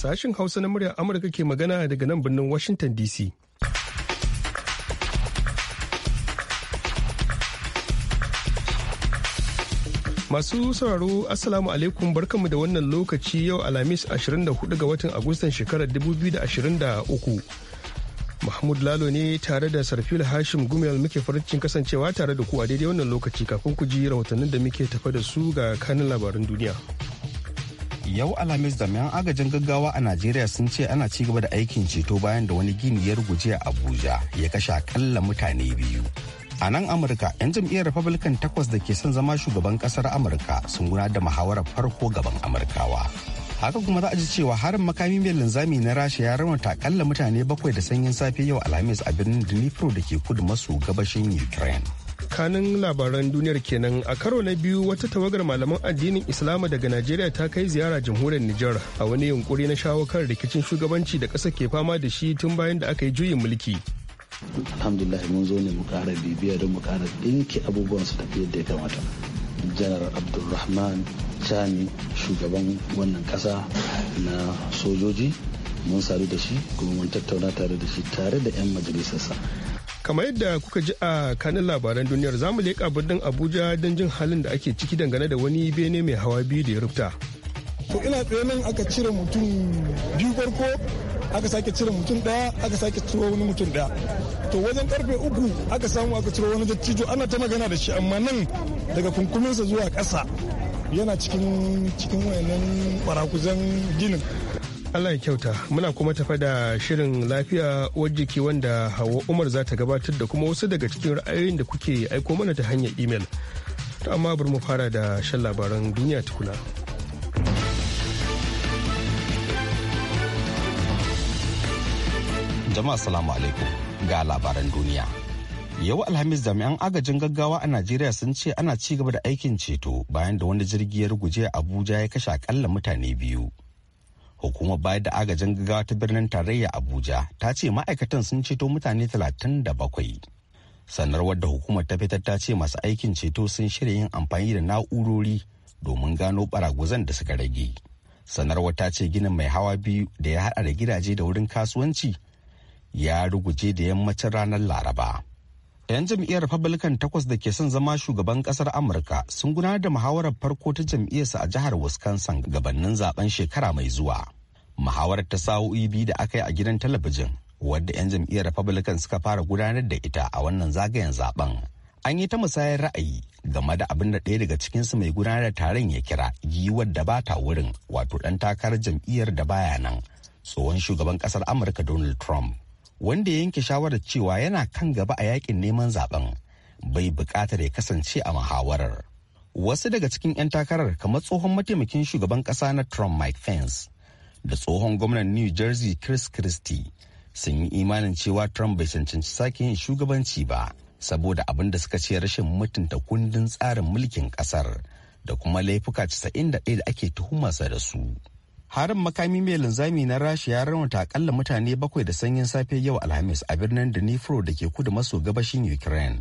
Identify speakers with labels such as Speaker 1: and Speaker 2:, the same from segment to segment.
Speaker 1: Sashin Hausa na muryar Amurka ke magana daga nan birnin Washington DC. Masu sauraro Assalamu alaikum barkanmu da wannan lokaci yau Alhamis 24 ga watan Agustan shekarar 2023. Mahmud Lalo ne tare da Sarfil Hashim Gumel muke farcin kasancewa tare da ku a daidai wannan lokaci kafin ku ji rahotannin da muke
Speaker 2: tafa da su ga kanin labaran duniya. yau alhamis da mayan agajin gaggawa a najeriya sun ce ana ci gaba da aikin ceto bayan da wani gini ya ruguje a abuja ya kashe akalla mutane biyu a nan amurka 'yan jam'iyyar republican takwas da ke son zama shugaban kasar amurka sun gudanar da muhawarar farko gaban amurkawa haka kuma za a ji cewa harin makami mai linzami na rasha ya raunata akalla mutane bakwai da sanyin safe yau alhamis a birnin dnipro da ke kudu maso gabashin ukraine
Speaker 1: tsakanin labaran duniyar kenan a karo na biyu wata tawagar malaman addinin islama daga najeriya ta kai ziyara jamhuriyar nijar a wani yunkuri na shawo kan rikicin shugabanci da ƙasa ke fama da shi tun bayan da aka yi juyin mulki
Speaker 3: alhamdulillah mun zo ne mu kara bibiya don mu kara dinki abubuwan su tafi yadda ya kamata janar abdulrahman chani shugaban wannan kasa na sojoji mun sadu da shi kuma mun tattauna tare da shi tare da 'yan majalisarsa
Speaker 1: kamar yadda kuka ji a kanin labaran duniyar zamu leƙa birnin abuja don jin halin da ake ciki dangane da wani bene mai hawa biyu da ya rufta
Speaker 4: to ina tsaye nan aka cire mutum biyu farko aka sake cire mutum daya aka sake ciro wani mutum ɗaya to wajen karfe uku aka samu aka ciro wani dattijo ana ta magana da shi amma nan daga kunkuminsa zuwa ƙasa yana cikin cikin wayannan barakuzan ginin
Speaker 1: Allah ya kyauta muna kuma tafa da shirin lafiya jiki wanda hawa Umar za ta gabatar da kuma wasu daga cikin ra'ayoyin da kuke aiko mana ta hanyar imel. To amma bari mu fara da shan labaran duniya tukuna.
Speaker 2: Jama'a salamu alaikum ga labaran duniya. Yau Alhamis jami'an agajin gaggawa a Najeriya sun ce ana ci gaba da aikin ceto bayan da wani jirgi ya ruguje Abuja ya kashe akalla mutane biyu. hukumar bayar da agajin gaggawa ta birnin tarayya abuja ta ce ma'aikatan sun ceto mutane 37 sanarwar da hukumar ta fitar ta ce masu aikin ceto sun shirya yin amfani da na'urori domin gano baraguzan da suka rage sanarwar ta ce ginin mai hawa biyu da ya haɗa da gidaje da wurin kasuwanci ya ruguje da yammacin ranar laraba 'Yan jam'iyyar Republican takwas da ke son zama shugaban kasar Amurka sun gudanar da muhawarar farko ta jam'iyyarsa a jihar Wisconsin gabanin zaben shekara mai zuwa. Muhawarar ta sa'o'i biyu da aka yi a gidan talabijin wadda 'yan jam'iyyar Republican suka fara gudanar da ita a wannan zagayen zaben. An yi ta musayar ra'ayi game da abin da ɗaya daga cikinsu mai gudanar da taron ya kira giwar da ba ta wurin wato ɗan takarar jam'iyyar da baya nan tsohon shugaban ƙasar Amurka Donald Trump. wanda ya yanke shawarar cewa yana kan gaba a yakin neman zaben bai bukatar ya kasance a muhawarar. Wasu daga cikin 'yan takarar kamar tsohon mataimakin shugaban kasa na Trump Mike Pence da tsohon gwamnan New Jersey Chris Christie sun yi imanin cewa Trump bai cancanci sake yin shugabanci ba saboda abin da suka ce rashin mutunta kundin tsarin mulkin kasar da kuma laifuka 91 da ake tuhumarsa da su. harin makami mai linzami na rasha ya raunata akalla mutane bakwai da sanyin safe yau alhamis a birnin dnipro da ke kudu maso gabashin ukraine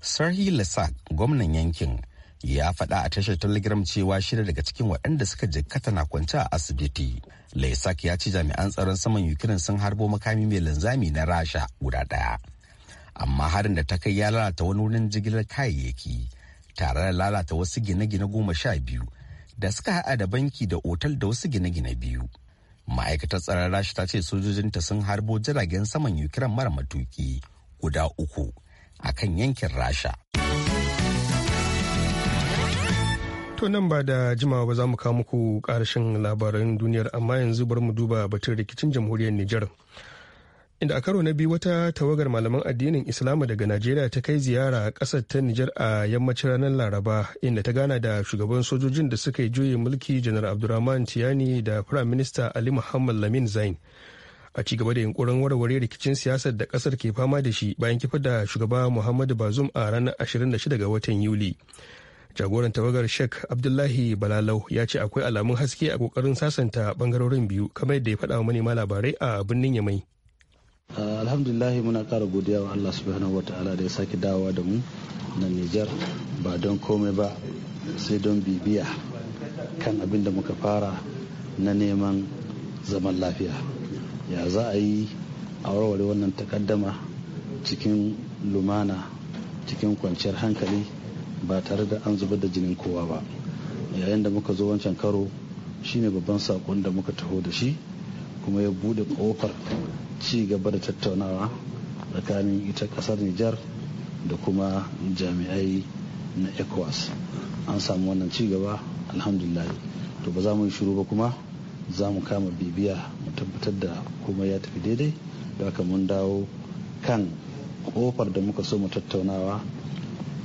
Speaker 2: sarhi lasak gwamnan yankin ya faɗa a tashar telegram cewa shida daga cikin waɗanda suka jikkata na kwance a asibiti laisak ya ci jami'an tsaron saman ukraine sun harbo makami mai linzami na rasha guda ɗaya amma harin da ta kai ya lalata wani wurin jigilar kayayyaki tare da lalata wasu gine-gine goma sha biyu da suka haɗa da banki da otal da wasu gine-gine biyu. Ma'aikatar tsaron Rasha ta ce sojojinta sun harbo jiragen saman Ukraine mara matuki guda uku a kan yankin Rasha.
Speaker 1: To nan ba da jimawa ba za mu kawo muku ƙarashin labaran duniyar amma yanzu bar mu duba batun rikicin jamhuriyar Nijar. inda a karo na biyu wata tawagar malaman addinin islama daga najeriya ta kai ziyara kasar ta nijar a yammacin ranar laraba inda ta gana da shugaban sojojin da suka yi juyin mulki janar abdurrahman tiyani da prime minister ali muhammad lamin zain a ci gaba da yunkurin warware rikicin siyasar da ƙasar ke fama da shi bayan kifar da shugaba muhammadu bazum a ranar 26 ga watan yuli jagoran tawagar sheikh abdullahi balalau ya ce akwai alamun haske a kokarin sasanta bangarorin biyu kamar yadda ya faɗa wa manema labarai a birnin yamai
Speaker 3: Ah, alhamdulillahi muna kara godiya wa allah subhanahu wataala da ya sake dawowa da mu na nijar ba don komai ba sai don bibiya kan abin da muka fara na neman zaman lafiya ya za a yi a warware wannan takaddama cikin lumana cikin kwanciyar hankali ba tare da an zubar da jinin kowa ba yayin da muka zo wancan karo shine babban sakon da muka taho da shi kuma ya bude kofar ci gaba da tattaunawa tsakanin ita kasar Nijar da kuma jami'ai na ECOWAS an samu wannan ci gaba alhamdulillah to ba za mu yi shiru ba kuma za mu kama bibiya mu tabbatar da kuma ya tafi daidai da haka mun dawo kan kofar da muka so mu tattaunawa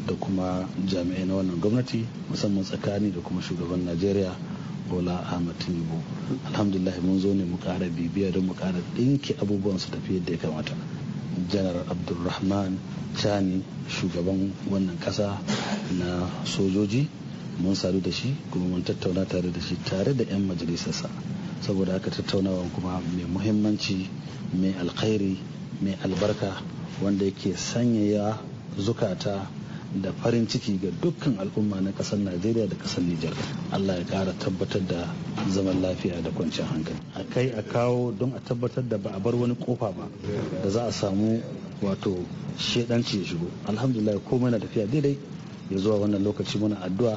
Speaker 3: da kuma jami'ai na wannan gwamnati musamman tsakani da kuma shugaban najeriya bola ahmad tinubu alhamdulillah mun zo ne mu kara bibiya don mu kara dinki abubuwan su tafi da ya kamata janar abdulrahman chani shugaban wannan kasa na sojoji mun sadu da shi kuma mun tattauna tare da shi tare da 'yan majalisarsa saboda haka tattaunawa kuma mai muhimmanci mai alkhairi mai albarka wanda yake sanyaya zukata da farin ciki ga dukkan al'umma na kasar najeriya da kasar nijar allah ya kara tabbatar da zaman lafiya da kwanciyar hankali a kai a kawo don a tabbatar da ba a bar wani kofa ba da za a samu wato shedanci ya shigo alhamdulillah ko mana tafiya daidai ya zuwa wannan lokaci muna addu'a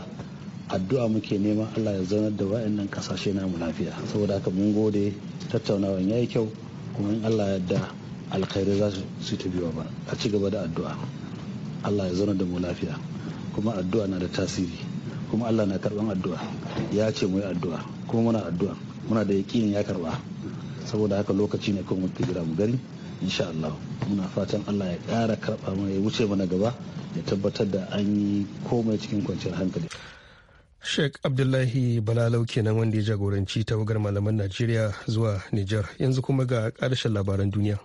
Speaker 3: addu'a muke neman allah ya zaunar da wa'annan kasashe namu lafiya saboda haka mun gode tattaunawan yayi kyau kuma in allah ya yarda alkhairai za su ta biyo ba a ci gaba da addu'a Allah ya zauna da mu lafiya kuma addu'a na da tasiri kuma Allah na karban addu'a ya ce mu yi addu'a kuma muna addu'a muna da yaƙinin ya karba saboda haka lokaci ne kuma muke gira mu gari insha Allah muna fatan Allah ya ƙara karba mu ya wuce mana gaba ya tabbatar da an yi komai cikin kwanciyar hankali
Speaker 1: Sheikh Abdullahi Balalau kenan wanda ya jagoranci tawagar malaman Najeriya zuwa Nijar yanzu kuma ga ƙarshen labaran duniya.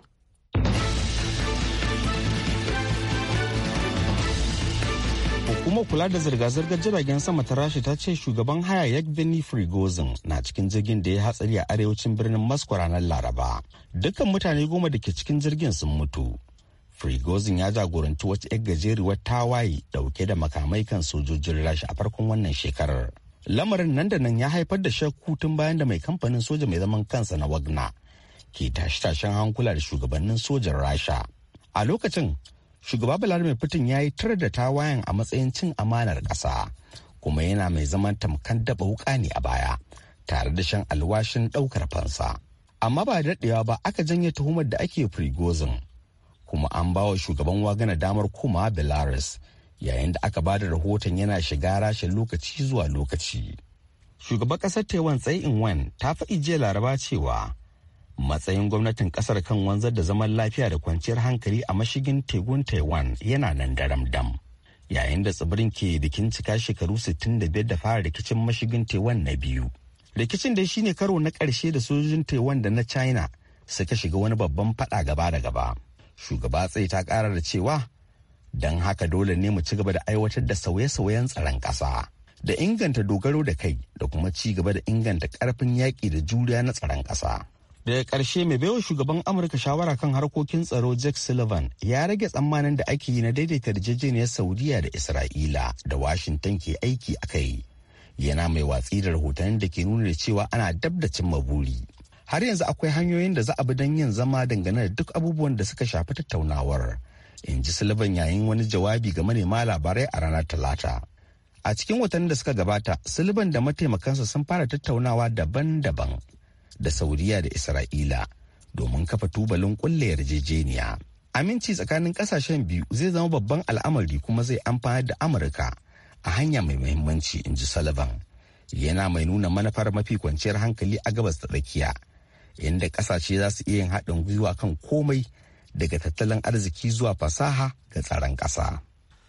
Speaker 2: hukumar kula da zirga-zirgar jiragen sama ta Rasha ta ce shugaban haya yagveni frigozin na cikin jirgin da ya hatsari a arewacin birnin moscow ranar laraba dukkan mutane goma da ke cikin jirgin sun mutu frigozin ya jagoranci wata 'yar gajeruwar tawaye dauke da makamai kan sojojin rasha a farkon wannan shekarar lamarin nan da nan ya haifar da shakku tun bayan da mai kamfanin soja mai zaman kansa na wagna ke tashe-tashen hankula da shugabannin sojan rasha a lokacin shugaba vladimir putin ya yi tar da tawayen a matsayin cin amanar ƙasa kuma yana mai zaman tamkan daba wuka ne a baya tare da shan alwashin ɗaukar fansa amma ba da daɗewa ba aka janye tuhumar da ake firgozin kuma an ba wa shugaban wagana damar kuma belarus yayin da aka ba da rahoton yana shiga rashin lokaci zuwa lokaci shugaban ƙasar taiwan tsayin wan ta faɗi jiya laraba cewa matsayin gwamnatin kasar kan wanzar da zaman lafiya da kwanciyar hankali a mashigin tegun taiwan yana nan daram dam yayin da tsibirin ke bikin cika shekaru 65 da fara rikicin mashigin taiwan na biyu rikicin da shine karo na karshe da sojojin taiwan da na china suka shiga wani babban fada gaba da gaba shugaba tsaye ta kara da cewa don haka dole ne mu ci gaba da aiwatar da sauye-sauyen tsaron kasa. da inganta dogaro da kai da kuma ci gaba da inganta ƙarfin yaƙi da juriya na tsaron kasa. daga ƙarshe mai baiwa shugaban amurka shawara kan harkokin tsaro jack sullivan ya rage tsammanin da ake yi na daidaita yarjejeniyar saudiya da isra'ila da washington ke aiki a kai yana mai watsi da rahotannin da ke nuna da cewa ana dab da cimma buri har yanzu akwai hanyoyin da za a bi don yin zama dangane da duk abubuwan da suka shafi tattaunawar in ji sullivan yayin wani jawabi ga manema labarai a ranar talata a cikin watannin da suka gabata sullivan da mataimakansa sun fara tattaunawa daban-daban da Sauriya da Isra'ila domin kafa tubalin kulle yarjejeniya. Aminci tsakanin kasashen biyu zai zama babban al'amari kuma zai amfana da Amurka a hanya mai muhimmanci in ji Sullivan. Yana mai nuna manufar mafi kwanciyar hankali a gabas da tsakiya, inda kasashe za su iya yin haɗin gwiwa kan komai daga tattalin arziki zuwa fasaha ga tsaron ƙasa.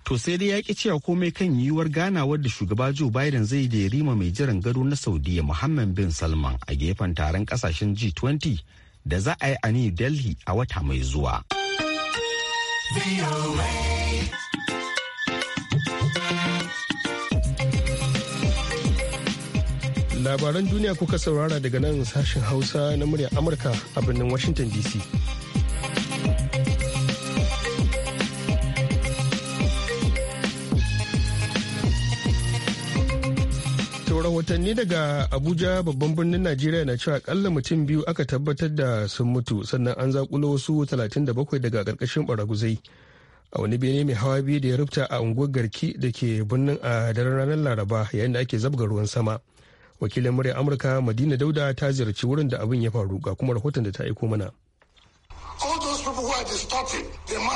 Speaker 2: To sai dai ya ki cewa komai kan yiwuwar ganawar da shugaba Joe Biden zai da rima mai jiran gado na Saudiya Muhammad bin Salman a gefen taron kasashen G20 da za a yi a New Delhi a wata mai zuwa.
Speaker 1: Labaran duniya kuka saurara daga nan sashen Hausa na muryar Amurka a birnin Washington DC. rahotanni daga abuja babban birnin najeriya na cewa akalla mutum biyu aka tabbatar da sun mutu sannan an zakulo wasu 37 daga karkashin baraguzai a wani bene mai hawa biyu da ya rubuta a unguwar garki da ke birnin a daren ranar laraba yayin da ake zabga ruwan sama wakilin murya amurka madina dauda ta ziyarci wurin da abin ya faru ga kuma rahoton da ta aiko mana
Speaker 4: all those people you are distorting where you are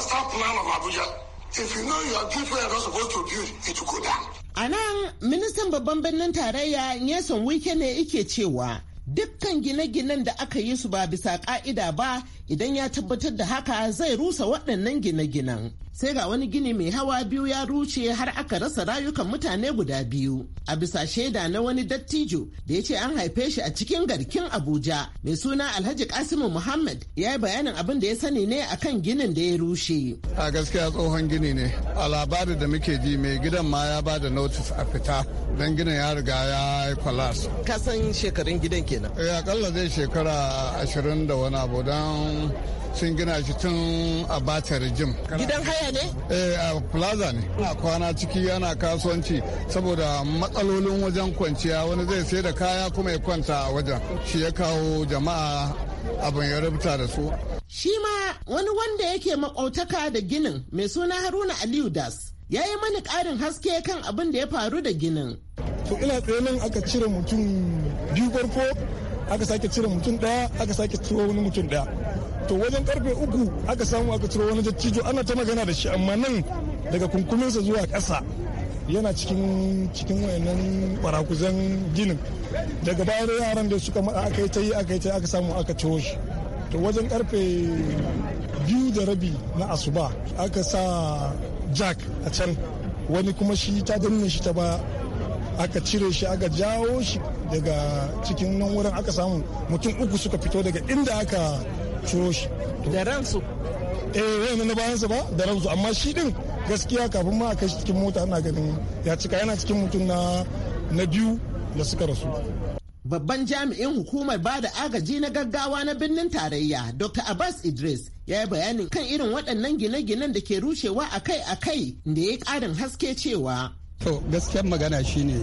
Speaker 5: not supposed to build it will go down A nan ministan babban birnin tarayya Nyesom Wike ne ike cewa dukkan gine-ginen da aka yi su ba bisa ka'ida ba idan ya tabbatar da haka zai rusa waɗannan gine-ginen. sai ga wani gini mai hawa biyu ya ruce har aka rasa rayukan mutane guda biyu a bisa shaida na wani dattijo da ya ce an haife shi a cikin garkin abuja mai suna alhaji kasimu muhammad ya yi bayanin abin da ya sani ne akan ginin da ya rushe a gaskiya tsohon gini ne a labarin da muke ji mai gidan ma ya ba da notis a fita don ginin ya riga ya yi kwalas kasan shekarun gidan kenan
Speaker 4: kalla eh, zai shekara ashirin da wani abu don sun gina shi tun a batar jim gidan haya ne eh a plaza ne a kwana ciki yana kasuwanci saboda matsalolin wajen kwanciya wani zai sai da kaya kuma ya kwanta a wajen shi ya kawo jama'a
Speaker 5: abin ya rubuta da su shi ma wani wanda yake makautaka da ginin mai suna haruna aliyu das ya yi mani ƙarin haske kan abin da ya faru da ginin to ina tsaye nan aka cire mutum biyu farko aka sake cire mutum daya aka
Speaker 4: sake ciro wani mutum daya to wajen karfe uku aka samu aka ciro wani dattijo ana ta magana da shi amma nan daga kunkuminsa zuwa kasa yana cikin cikin wayannan barakuzan ginin daga bayan yaran da suka mada aka yi ta yi aka yi ta aka samu aka ciro shi to wajen karfe biyu da rabi na asuba aka sa jack a can wani kuma shi ta danne shi ta ba aka cire shi aka jawo shi daga cikin nan wurin aka samu mutum uku suka fito daga inda aka shoshi shi da ransu eh wani na bayansa ba da ransu amma shi din gaskiya kafin ma a kai cikin mota ana ganin ya cika yana cikin mutum na
Speaker 5: na biyu da suka rasu babban jami'in hukumar ba da agaji na gaggawa na birnin tarayya dr abbas idris ya yi bayanin kan irin waɗannan gine-ginen da ke rushewa akai-akai da ya ƙarin haske cewa to gaskiyar magana shine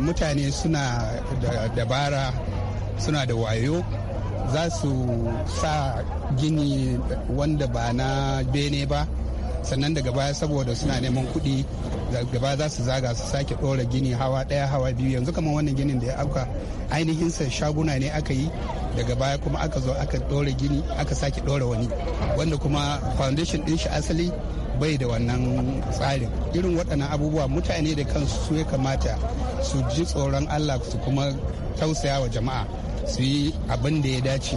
Speaker 5: mutane suna da dabara suna da wayo za
Speaker 1: su sa gini wanda ba na bene ba sannan daga baya saboda suna neman kuɗi daga baya za su zaga su sake ɗora gini hawa ɗaya hawa biyu yanzu kamar wannan ginin da ya auka ainihin sa shaguna ne aka yi daga baya kuma aka zo aka ɗora gini aka sake ɗora wani wanda kuma foundation ɗin shi asali bai da wannan tsarin irin waɗannan abubuwa mutane da kansu su ya kamata su ji tsoron allah su kuma tausaya wa jama'a su yi abin da ya dace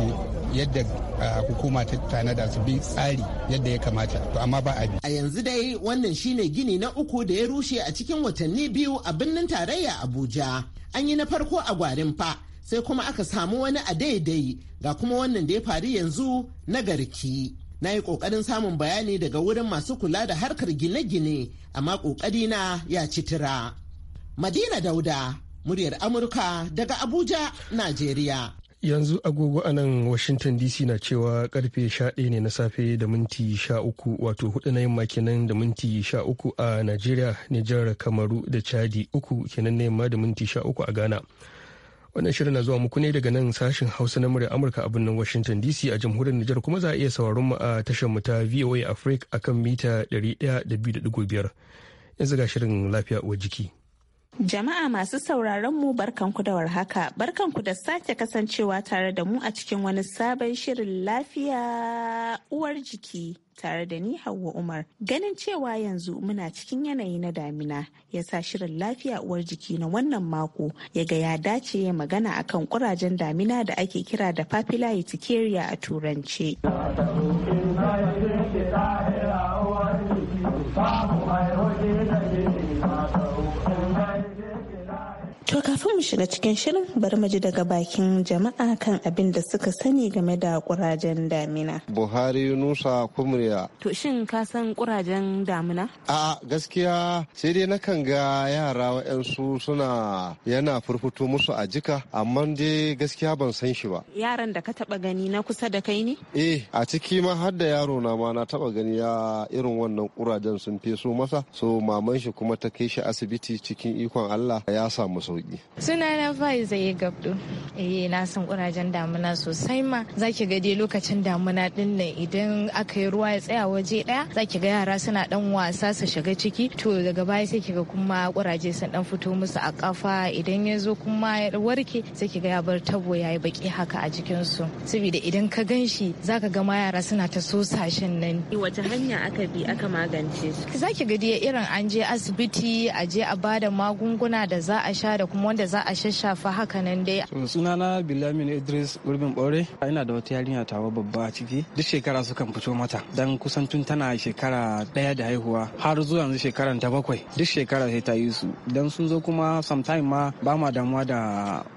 Speaker 1: yadda ah, hukuma ta tanada su bi tsari yadda ya kamata to amma ba a bi. A
Speaker 5: yanzu dai wannan shine gini na uku da ya rushe a cikin watanni biyu a birnin tarayya Abuja. An yi na farko a gwarin fa sai kuma aka samu wani a daidai ga kuma wannan da ya faru yanzu na garki. na yi ƙoƙarin samun bayani daga wurin masu kula da harkar gine-gine amma ƙoƙari na ya citira. Madina Dauda, muryar Amurka daga Abuja, Najeriya. Yanzu agogo a nan
Speaker 1: Washington DC na cewa karfe 11 ne na safe da minti 13 wato hudu na yamma kenan da minti 13 a Najeriya, Nijar, Kamaru da Chadi uku kenan na yamma da minti 13 a Ghana. Wannan shirin na zuwa muku ne daga nan sashin Hausa na murya Amurka a birnin Washington DC a jamhuriyar Nijar kuma za a iya sauraron mu a tashar mu ta VOA Africa akan mita 100.5. Yanzu ga shirin lafiya uwar jiki.
Speaker 6: Jama'a masu sauraron mu barkanku da warhaka, barkanku da sake kasancewa tare da mu a cikin wani sabon shirin lafiya uwar jiki. tare da ni Hauwa Umar. Ganin cewa yanzu muna cikin yanayi na damina ya sa shirin lafiya uwar jiki na wannan mako ya ga ya dace ya magana akan kurajen damina da ake kira da papilla a turance. To kafin mu shiga cikin shirin bari mu ji daga bakin jama'a kan abin da suka sani game da kurajen damina.
Speaker 5: Buhari Nusa Kumriya.
Speaker 6: To shin ka san kurajen damina?
Speaker 5: A gaskiya sai dai nakan ga yara wa'yansu suna yana furfuto musu a jika amma dai gaskiya ban san shi ba.
Speaker 6: Yaran da ka taba gani na kusa da kai ne?
Speaker 5: Eh a ciki ma har da yaro na ma na taba gani ya irin wannan kurajen sun feso masa so maman shi kuma ta kai shi asibiti cikin ikon Allah ya samu sauki. sauki.
Speaker 6: Suna na Fai ya gabdo. Eh na san kurajen damuna sosai ma. Za ki ga dai lokacin damuna din nan idan aka yi ruwa ya tsaya waje daya za ki ga yara suna dan wasa su shiga ciki to daga baya sai ki ga kuma kuraje sun dan fito musu a kafa idan ya zo kuma ya warke sai ki ga ya bar tabo ya yi baki haka a jikin su. Saboda idan ka ganshi shi za ka ga ma yara suna ta so nan. Wata hanya aka bi aka magance su. Za ki ga dai irin an je asibiti a je a bada magunguna da za a sha da kuma kuma wanda za a shashafa haka nan dai.
Speaker 7: sunana bilamin idris gurbin bore ina da wata yarinya tawa babba a ciki duk shekara sukan fito mata dan kusan tun tana shekara daya da haihuwa har zuwa yanzu shekaran ta bakwai duk shekara sai ta yi su dan sun zo kuma sometime ma ba ma damuwa da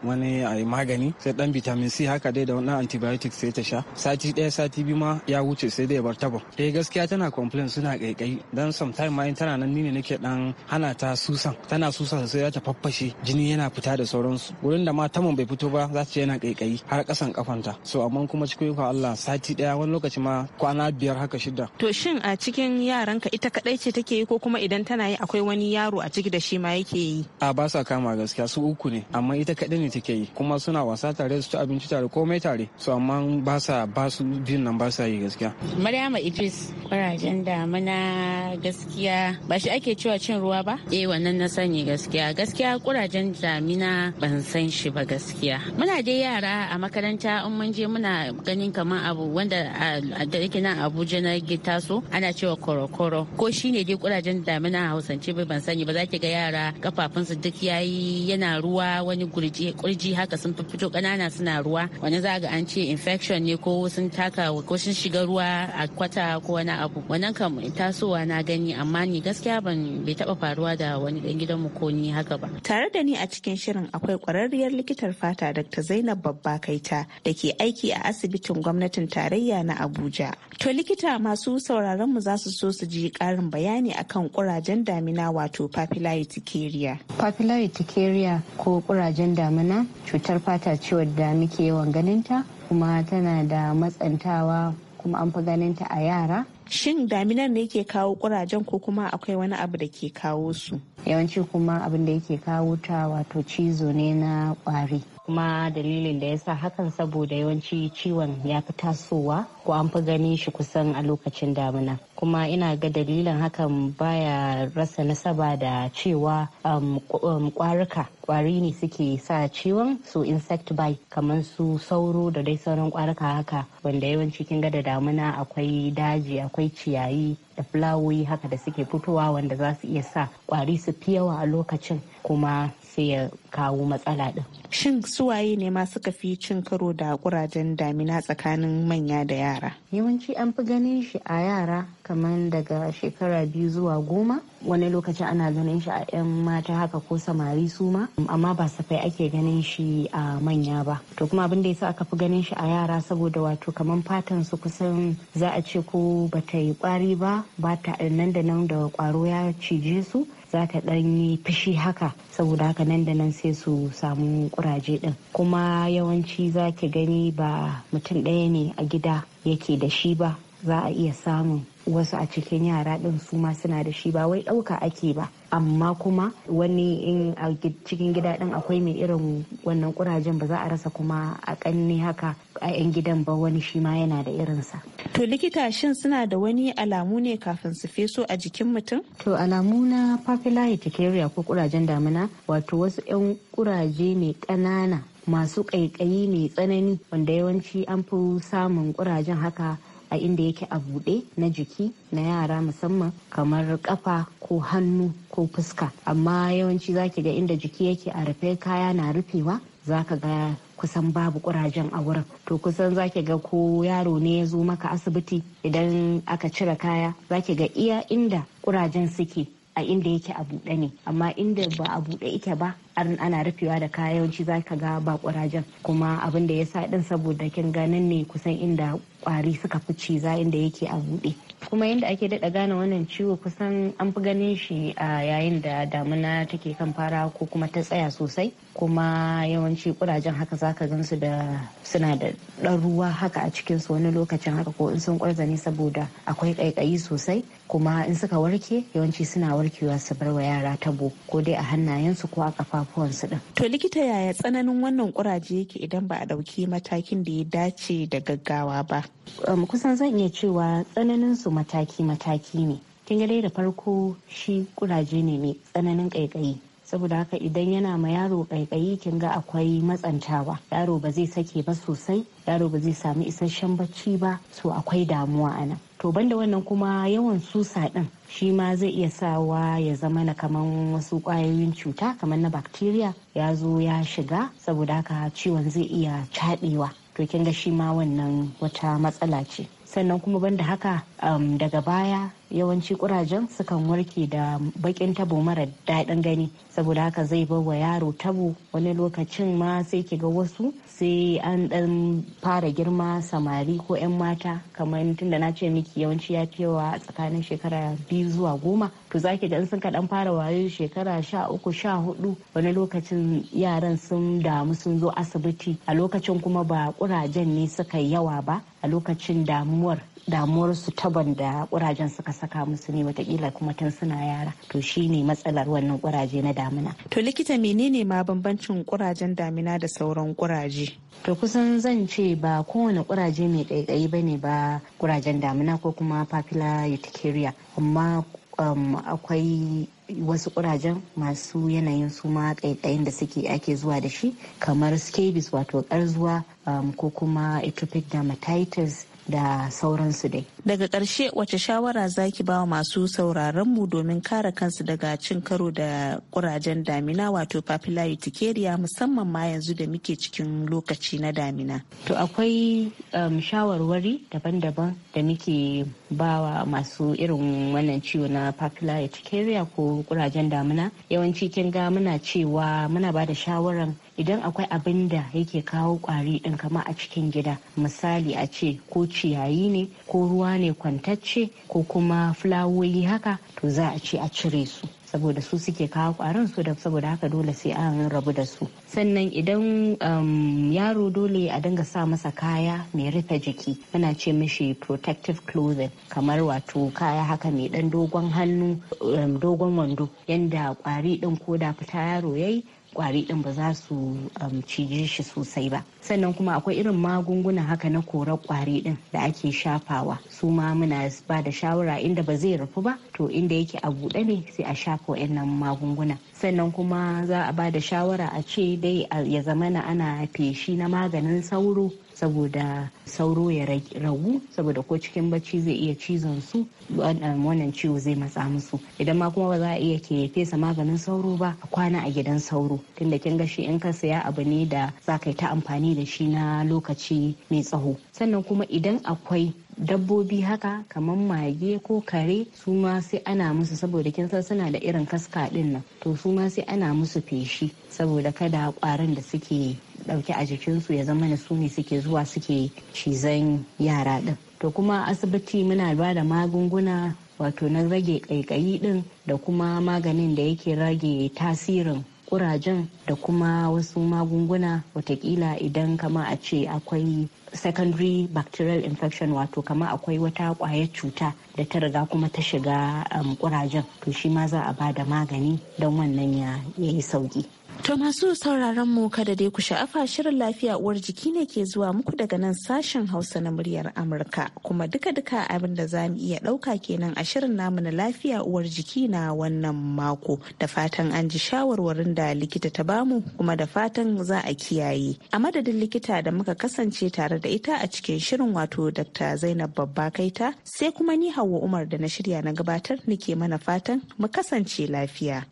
Speaker 7: wani a magani sai dan vitamin c haka dai da wani antibiotics sai ta sha sati daya sati biyu ma ya wuce sai dai bar tabo eh gaskiya tana complain suna kaikai dan sometime ma in tana nan ni ne nake dan hana ta susan tana susan sai ta faffashe jini jini yana fita da sauransu wurin da ma taman bai fito ba za ta yana kaikayi har kasan kafanta so amma kuma cikin ikon Allah sati daya wani lokaci ma kwana biyar haka shida
Speaker 6: to shin a cikin yaranka ita kadai ce take yi ko kuma idan tana yi akwai wani yaro a ciki da shi ma yake yi
Speaker 7: a ba sa kama gaskiya su uku ne amma ita kadai ne take yi kuma suna wasa tare su ci abinci tare komai tare so amma ba sa ba su biyun nan ba sa yi gaskiya
Speaker 8: Maryama Idris kurajen damuna gaskiya ba shi ake cewa cin ruwa ba eh wannan na sani gaskiya gaskiya kurajen labarin damina ban san shi ba gaskiya muna dai yara a makaranta in mun je muna ganin kamar abu wanda da yake nan abuja na taso ana cewa korokoro ko shine dai kurajen damina a hausance bai ban sani ba za ki ga yara kafafunsu duk yayi yana ruwa wani kurji haka sun fito kanana suna ruwa wani za ga an ce infection ne ko sun taka ko sun shiga ruwa a kwata ko wani abu wannan kam tasowa na gani amma ni gaskiya ban bai taba faruwa da wani dan gidanmu ko ni haka ba tare da ni a
Speaker 6: cikin shirin akwai kwararriyar likitar fata Dr. Zainab Babba Kaita da ke aiki a asibitin gwamnatin tarayya na Abuja. To likita masu sauraron mu za su so su ji karin bayani akan kurajen damina wato papillary urticaria.
Speaker 8: Papillary urticaria ko kurajen damina cutar fata ce da muke yawan ganinta kuma tana da matsantawa kuma an fi ganin ta a yara shin daminar ne ke kawo
Speaker 6: kurajen ko kuma akwai wani abu da ke kawo su
Speaker 8: yawanci kuma abin da yake kawo ta wato cizo ne na kwari kuma dalilin da ya sa hakan saboda yawanci ciwon ya fi tasowa ko an fi gani shi kusan a lokacin damina kuma ina ga dalilin hakan baya rasa nasaba da cewa um, um, kwarika kwari ne suke sa ciwon su insect bite kamar su sauro da dai sauran kwarika haka wanda yawanci kin ga da damina akwai daji akwai ciyayi da fulawoyi haka da suke fitowa wanda za su iya sa kwari su fi yawa a lokacin kuma sai ya
Speaker 6: kawo matsala din. Shin suwaye ne ma suka fi cin karo da kurajen damina
Speaker 8: tsakanin manya da yara? Yawanci an fi ganin shi a yara kaman daga shekara biyu zuwa goma. Wani lokaci ana ganin shi a 'yan mata haka ko samari suma amma ba safai ake ganin shi a manya ba. To kuma abin da yasa aka fi ganin shi a yara saboda wato kaman fatan su kusan za a ce ko bata yi kwari ba, ba ta nan da nan da kwaro ya cije su. za ta ɗan yi fushi haka saboda haka nan da nan sai su samu kuraje ɗin kuma yawanci za ki gani ba mutum ɗaya ne a gida yake da shi ba za a iya samun wasu a cikin yara ɗin su ma suna da shi ba wai ɗauka ake ba amma kuma wani in a cikin gida ɗin akwai mai irin wannan kurajen ba za a rasa kuma a kanne haka a 'yan gidan ba wani shi ma yana da irinsa. To likita shin suna da wani alamu ne kafin su feso a jikin mutum? To alamu na papillae urticaria ko kurajen damina wato wasu 'yan ƙuraje ne ƙanana masu ƙaiƙayi mai tsanani wanda yawanci an fi samun ƙurajen haka a inda yake a buɗe na jiki na yara musamman kamar kafa ko hannu ko fuska amma yawanci zaki ga inda jiki yake a rufe kaya na rufewa zaka ga kusan babu kurajen a wurin to kusan zaki ga ko yaro ne ya zo maka asibiti idan aka cire kaya zaki ga iya inda kurajen suke a inda yake a buɗe ne amma inda ba a buɗe ike ba ana rufewa da kaya yawanci za ka ga ba kurajen kuma abin da ya sa din saboda kin ganin ne kusan inda kwari suka fi ciza inda yake a buɗe kuma yadda ake daɗa gane wannan ciwo kusan an fi ganin shi a yayin da damuna take kan fara ko kuma ta tsaya sosai kuma yawanci kurajen haka za zaka gansu da suna da ɗan ruwa haka a cikinsu wani lokacin haka ko in sun ne saboda akwai ƙaiƙayi sosai kuma in suka warke yawanci suna warkewa su bar wa yara tabo ko dai a hannayensu ko a kafafu kafafuwansu din.
Speaker 6: To likita yaya tsananin wannan kuraje yake idan ba a ɗauki matakin da ya dace da
Speaker 8: gaggawa ba? Um, kusan zan iya cewa tsananin su mataki-mataki ne. Kin ga da farko shi kuraje ne mai tsananin ƙaiƙayi. saboda haka idan yana ma yaro ƙaiƙayi kin ga akwai matsantawa yaro ba zai sake ba sosai yaro ba zai samu isasshen bacci ba so akwai damuwa a nan to banda wannan kuma yawan susa din shi ma zai iya sawa ya zama na kaman wasu kwayoyin cuta kamar na bacteria ya zo ya shiga saboda haka ciwon zai iya cadewa to kin ga shi ma wannan wata matsala ce sannan kuma banda haka um, daga baya yawanci kurajen sukan warke da bakin tabo mara daɗin gani saboda haka zai bar wa yaro tabo wani lokacin ma sai ki ga wasu sai an ɗan fara girma samari ko 'yan mata kamar tunda na ce miki yawanci ya fi yawa tsakanin shekara biyu zuwa goma to za ki ga sun kaɗan fara wayo shekara sha uku sha hudu wani lokacin yaran sun damu sun zo asibiti a lokacin kuma ba kurajen ne suka yawa ba a lokacin damuwar damuwarsu taban da kurajen suka saka musu ne watakila kuma tun suna yara to shine matsalar wannan kuraje na damina to likita menene ma bambancin kurajen damina da sauran kuraje to kusan zan ce ba kowane kuraje mai ɗaiɗai ba ne ba kurajen damina ko kuma popular urticaria amma um, akwai wasu kurajen masu yanayin su ma ƙaiƙayin da suke ake zuwa da shi kamar scabies wato ƙarzuwa um, ko kuma atopic dermatitis da sauransu dai.
Speaker 6: Daga ƙarshe wace shawara zaki ba wa masu sauraronmu domin kare kansu daga cin karo da ƙurajen damina wato papilla urticaria
Speaker 8: musamman ma yanzu da muke cikin lokaci na damina. To akwai um, shawarwari daban-daban da muke bawa masu irin wannan ciwo na papilla urticaria ko ƙurajen damina yawanci kin ga muna cewa muna ba da shawaran idan akwai abin da yake kawo kwari din kama a cikin gida misali a ce ko ciyayi ne ko ruwa ne kwantacce ko kuma fulawoyi haka to za a ce a cire su saboda su suke kawo kwarin su da saboda haka dole sai an rabu da su sannan idan um, yaro dole a dinga sa masa kaya mai rufe jiki muna ce mishi protective clothing kamar wato kaya haka mai dan dogon hannu um, dogon wando yanda kwari din da fita yaro yayi kwari din ba za su um, cije shi sosai ba sannan kuma akwai irin magunguna haka na korar kwari din da ake shafawa su ma muna ba da shawara inda ba zai rufu ba to inda yake a buɗe ne sai a shafa wa'annan magunguna sannan kuma za a ba da shawara a ce dai ya zamana ana feshi na maganin sauro saboda sauro ya ragu saboda ko cikin bacci zai iya cizon su wannan ciwo zai matsa musu idan ma kuma ba za a iya ke fesa maganin sauro ba a kwana a gidan sauro tunda kin ga shi in ka saya abu ne da za ka yi ta amfani da shi na lokaci mai tsaho sannan kuma idan akwai dabbobi haka kamar mage ko kare su ma sai ana musu saboda kin san suna da irin kaska din nan to su ma sai ana musu feshi saboda kada kwarin da suke dauke a jikinsu ya zama su ne suke zuwa suke cizon yara din to kuma asibiti muna ba da magunguna wato na rage kaikayi din da kuma maganin da yake rage tasirin kurajen da kuma wasu magunguna watakila idan kama a ce akwai secondary bacterial infection wato kama akwai wata kwayar cuta da ta riga kuma ta shiga um, kurajen to shi ma za a ba da magani don wannan ya yi sauki
Speaker 5: To masu
Speaker 6: sauraron mu kada dai ku sha'afa shirin lafiya uwar jiki ne ke zuwa muku daga nan sashen Hausa na muryar Amurka kuma duka-duka abin da za mu iya ɗauka kenan a shirin namu na lafiya uwar jiki na wannan mako da fatan an ji shawarwarin da likita ta bamu kuma da fatan za a kiyaye. A madadin likita da muka kasance tare da ita a cikin shirin wato Dr. Zainab Babba Kaita sai kuma ni Hauwa Umar da na shirya na gabatar nake mana fatan mu kasance lafiya.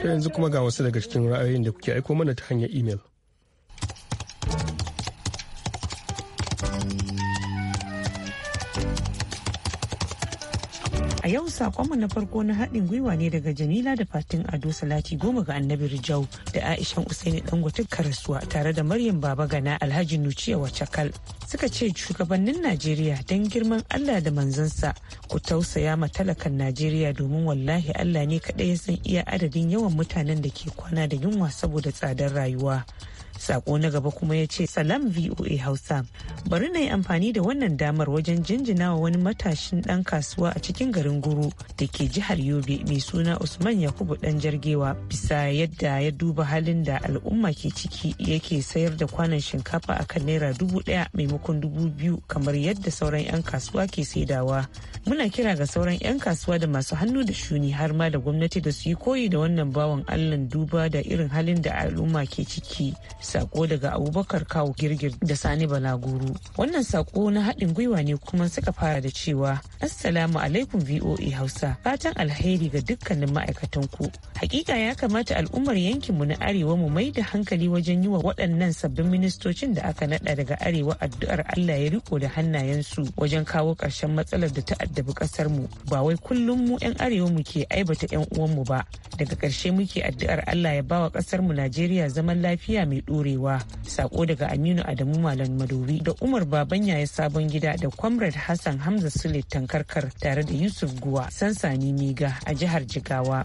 Speaker 8: Ta
Speaker 1: yanzu kuma ga wasu daga cikin ra'ayoyin da kuke aiko mana ta hanyar imel.
Speaker 9: yau sakonmu na farko na haɗin gwiwa ne daga Jamila da Fatin Ado Salati goma ga Annabi Rijau da Aisha Usaini Dangote Karasuwa tare da Maryam Baba Gana Alhaji Nuciya Wacakal. Suka ce shugabannin Najeriya don girman Allah da manzansa ku tausaya ma talakan Najeriya domin wallahi Allah ne kaɗai ya san iya adadin yawan mutanen da ke kwana da yunwa saboda tsadar rayuwa. sako na gaba kuma ya ce salam voa hausa bari na yi amfani da wannan damar wajen jinjinawa wani matashin dan kasuwa a cikin garin guru da ke jihar yobe mai suna usman yakubu dan jargewa bisa yadda ya duba halin da al'umma ke ciki yake sayar da kwanan shinkafa a kan naira dubu daya maimakon dubu biyu kamar yadda sauran 'yan kasuwa ke saidawa muna kira ga sauran 'yan kasuwa da masu hannu da shuni har ma da gwamnati da su yi koyi da wannan bawan allan duba da irin halin da al'umma ke ciki sako daga abubakar kawo girgir da sani balaguru wannan sako na haɗin gwiwa ne kuma suka fara da cewa assalamu alaikum voa hausa fatan alheri ga dukkanin ma'aikatan ku hakika ya kamata al'ummar yankin mu na arewa mu mai da hankali wajen yi wa waɗannan sabbin ministocin da aka naɗa daga arewa addu'ar allah ya riko da hannayensu wajen kawo ƙarshen matsalar da ta addabi ƙasar mu ba wai kullum mu 'yan arewa mu ke aibata 'yan uwan mu ba daga ƙarshe muke addu'ar allah ya bawa ƙasar mu najeriya zaman lafiya mai ɗorewa sako daga aminu adamu malam madobi da umar babanya ya sabon gida da comrade hassan hamza sule tankarkar tare da yusuf guwa sansani miga a jihar jigawa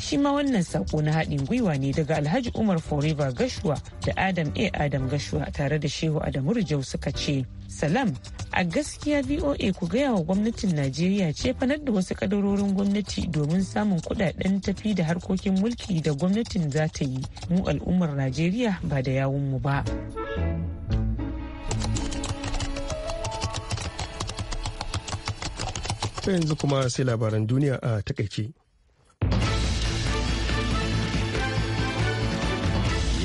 Speaker 9: Shi ma wannan sako na haɗin gwiwa ne daga Alhaji Umar Forever Gashuwa da Adam A. Adam Gashuwa tare da Shehu Adamu Rijau suka ce. Salam, a gaskiya VOA ku gaya wa gwamnatin Najeriya ce fanar da wasu kadarorin gwamnati domin samun kudaden tafi da harkokin mulki da gwamnatin za ta yi mu al'ummar Najeriya ba da yawun mu ba.
Speaker 1: yanzu kuma sai labaran duniya a takaice.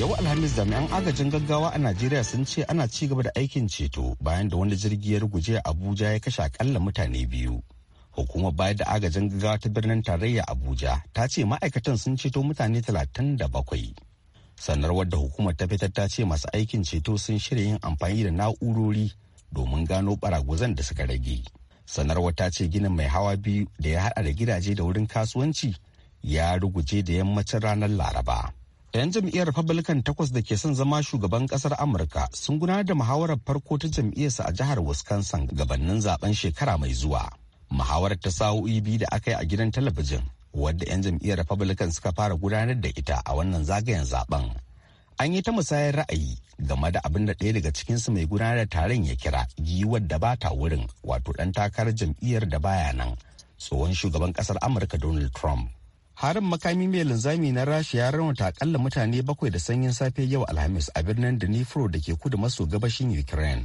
Speaker 2: yau alhamis jami'an agajin gaggawa a najeriya sun ce ana ci gaba da aikin ceto bayan da wani jirgi ya ruguje abuja ya kashe akalla mutane biyu hukumar bayar da agajin gaggawa ta birnin tarayya abuja ta ce ma'aikatan sun ceto mutane 37 sanarwar da hukumar ta fitar ta ce masu aikin ceto sun shirya yin amfani da na'urori domin gano baragwazan da suka rage sanarwar ta ce ginin mai hawa biyu da ya hada da gidaje da wurin kasuwanci ya ruguje da yammacin ranar laraba 'Yan jam'iyyar Republican takwas da ke son zama shugaban kasar Amurka sun gudanar da muhawarar farko ta jam'iyyarsa a jihar Wisconsin gabanin zaben shekara mai zuwa. Muhawarar ta sa'o'i biyu da aka yi a gidan talabijin wadda 'yan jam'iyyar Republican suka fara gudanar da ita a wannan zagayen zaben. An yi ta musayar ra'ayi game da abin da ɗaya daga cikinsu mai gudanar da taron ya kira giwar da ba ta wurin wato ɗan takarar jam'iyyar da baya nan tsohon shugaban ƙasar Amurka Donald Trump. harin makami mai linzami na rasha ya raunata akalla mutane bakwai da sanyin safe yau alhamis a birnin dnipro da ke kudu maso gabashin ukraine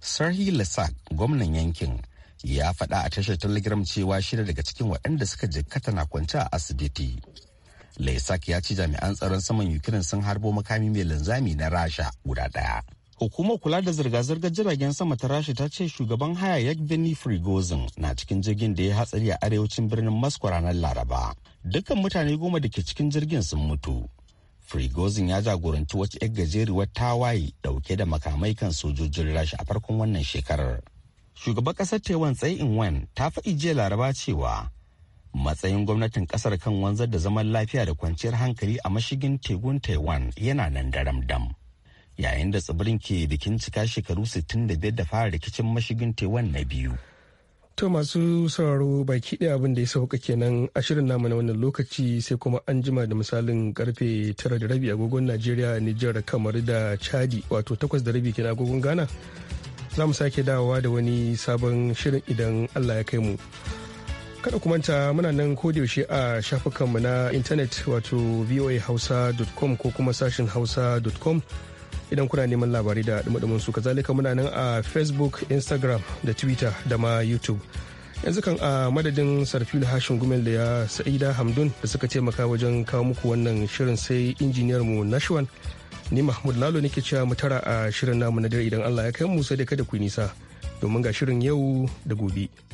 Speaker 2: sarhi lasak gwamnan yankin ya faɗa a tashar telegram cewa shida daga cikin waɗanda suka jikkata na kwance a asibiti lasak ya ci jami'an tsaron saman ukraine sun harbo makami mai linzami na rasha guda ɗaya hukumar kula da zirga-zirgar jiragen sama ta rasha ta ce shugaban haya yak frigozin na cikin jirgin da ya hatsari a arewacin birnin moscow ranar laraba dukkan mutane goma da ke cikin jirgin sun mutu Frigozin ya jagoranci wata 'yar gajeruwar tawaye Ɗauke da makamai kan sojojin rashi a farkon wannan shekarar. Shugaban ƙasar Taiwan Tsai in wen ta faɗi jiya Laraba cewa matsayin gwamnatin ƙasar kan wanzar da zaman lafiya da kwanciyar hankali a mashigin tegun Taiwan yana nan daram dam. Yayin da tsibirin ke bikin cika shekaru 65 da fara rikicin mashigin Taiwan na biyu. To masu
Speaker 1: sauraro baki ɗaya abin da ya sauka kenan a shirin namu na wannan lokaci sai kuma an jima da misalin karfe tara da rabi agogon Najeriya, Nijar, kamar da Chadi wato takwas da rabi kenan agogon Ghana. Za mu sake dawowa da wani sabon shirin idan Allah ya kai mu. Kada ta muna nan yaushe a shafukanmu na intanet wato voahausa.com ko kuma sashin hausa.com idan kuna neman labarai da dumadumin su kazalika muna nan a facebook instagram da twitter da ma youtube yanzu kan a madadin sarfil hashin gumel da ya sa'ida hamdun da suka taimaka wajen kawo muku wannan shirin sai injiniyar mu nashwan ni mahmud lalo nake cewa mu tara a shirin namu na dare idan allah ya kai mu sai da kada ku nisa domin ga shirin yau da gobe.